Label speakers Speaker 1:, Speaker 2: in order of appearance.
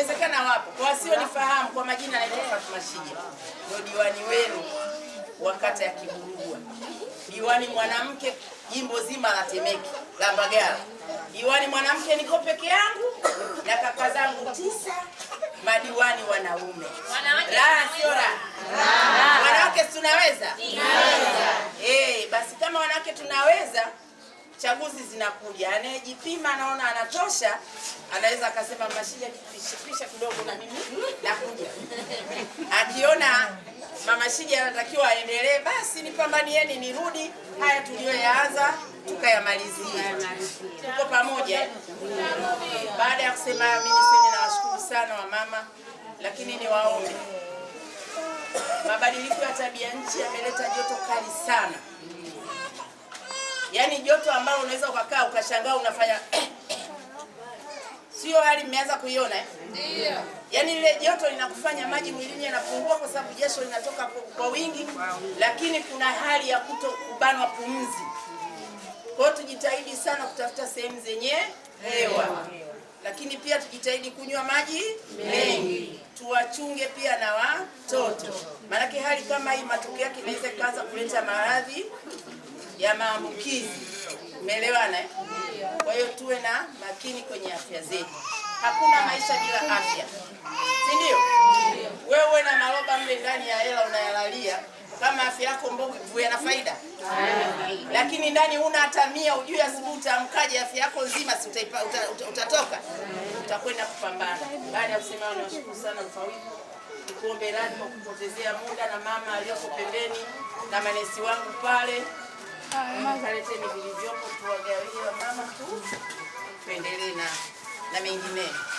Speaker 1: inawezekana wapo. Kwa wasionifahamu kwa majina, naitwa Fatuma Shija, ndio diwani wenu wa kata ya Kiburugwa, diwani mwanamke jimbo zima la Temeke la Mbagala. Diwani mwanamke niko peke yangu na kaka zangu tisa madiwani wanaume. La, sio la. Wanawake tunaweza? Tunaweza. Eh, basi kama wanawake tunaweza chaguzi zinakuja, anayejipima anaona anatosha, anaweza akasema Mashija kipishapisha kidogo na mimi nakuja. Akiona mama Shija anatakiwa aendelee, basi nipambanieni, nirudi haya tuliyoyaanza tukayamalizia. Tuko pamoja. Baada ya kusema mimi, niseme nawashukuru sana wamama, lakini niwaombe, mabadiliko ya tabia nchi yameleta joto kali sana yaani joto ambalo unaweza ukakaa ukashangaa unafanya sio hali mmeanza kuiona eh? Yaani ile joto linakufanya maji mwilini yanapungua kwa sababu jasho linatoka kwa wingi wow. Lakini kuna hali ya kuto kubanwa pumzi. Kwa tujitahidi sana kutafuta sehemu zenye hewa, lakini pia tujitahidi kunywa maji mengi, tuwachunge pia na watoto, maanake hali kama hii matokeo yake inaweza kuanza kuleta maradhi ya maambukizi. Umeelewana? Eh? Kwa hiyo tuwe na makini kwenye afya zetu. Hakuna maisha bila afya, si ndio? Wewe uwe na maroba mle ndani ya hela unayalalia, kama afya yako mbovu yana faida, lakini ndani una hata mia, ujui asubuhi utaamkaje, afya yako nzima, si utatoka, utakwenda kupambana. Baada ya kusema, niwashukuru sana mfawidhi, kuombe radhi kwa kupotezea muda na mama aliyoko pembeni na manesi wangu pale Aleteni vilivyopo tuwagawie wamama tu, tuendelee na na mengineyo.